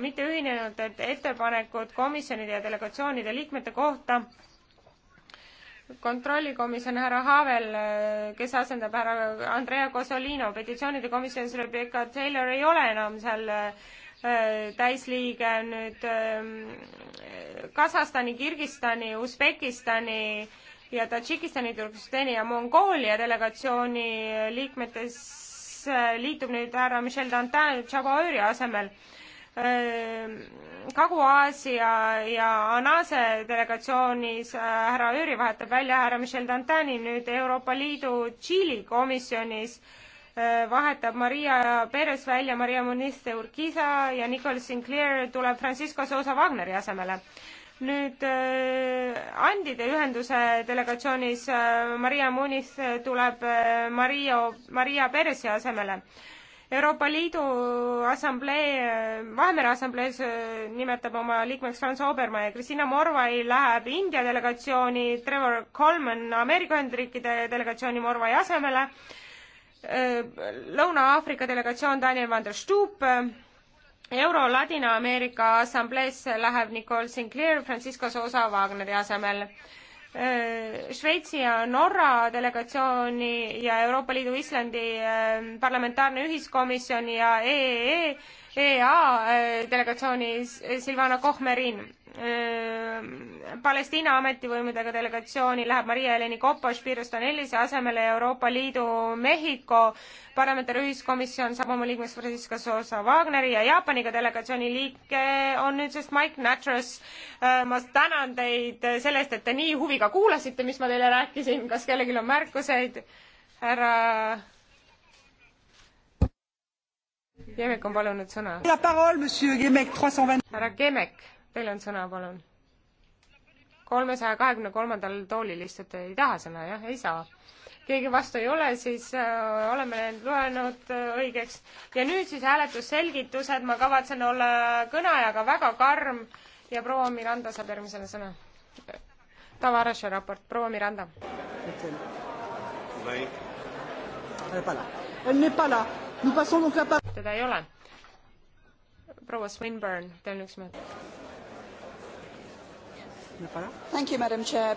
mitte ühinenud et ettepanekud komisjonide ja delegatsioonide liikmete kohta. kontrollikomisjon härra Havel, kes asendab härra Andrea Cosolino, petitsioonide komisjonis Rebecca Taylor ei ole enam seal äh, täisliige nüüd ähm, Kasahstani, Kirgistani, Usbekistani ja Tadžikistani, Türgistani ja Mongoolia delegatsiooni liikmetes äh, liitub nüüd härra Michel Dantin Tšabaööri asemel Ehm, Kagu-Aasia ja Anase delegatsioonis äh, härra Jüri vahetab välja härra Michel Dantani nüüd Euroopa Liidu Tšiili komisjonis äh, vahetab Maria Perez välja Maria Muniste Urquiza ja Nicole Sinclair tuleb Francisco Sousa Wagneri asemele. nüüd äh, Andide ühenduse delegatsioonis Maria Muniz tuleb Mario, Maria Perezi asemele Euroopa Liidu Assamblee, Vahemere Assamblees äh, nimetab oma liikmeks Franz Obermann ja Kristina Morvai läheb India delegatsiooni, Trevor Coleman Ameerika Ühendriikide delegatsiooni Morvai asemele, äh, Lõuna-Aafrika delegatsioon Daniel van der Stubb, Euro Ladina-Ameerika Assambleesse läheb Nicole Sinclair Francisco Sosa Wagneri asemel Äh, Šveitsi ja Norra delegatsiooni ja Euroopa Liidu Islandi äh, parlamentaarne ühiskomisjon ja EEE, EA e äh, delegatsiooni Silvana Kohmerin Ehm, Palestiina ametivõimudega delegatsiooni läheb Maria-Heleni Kopaš Pirustanellise asemele Euroopa Liidu Mehhiko parlamentaarne ühiskomisjon saab oma liikmeks Francisco Sosa Wagneri ja Jaapaniga delegatsiooni liige on nüüdsest Mike Natras. Ehm, ma tänan teid selle eest, et te nii huviga kuulasite, mis ma teile rääkisin, kas kellelgi on märkuseid? härra Jemek on palunud sõna. härra Jemek Teil on sõna, palun. kolmesaja kahekümne kolmandal toolil istute, ei taha sõna, jah, ei saa. keegi vastu ei ole, siis äh, oleme need loenud äh, õigeks. ja nüüd siis hääletusselgitused, ma kavatsen olla kõneajaga väga karm ja proua Miranda saab järgmisena sõna. Tavarashe raport, proua Miranda. teda ei ole. proua Swinburne, teil on üks minut Thank you, Madam Chair.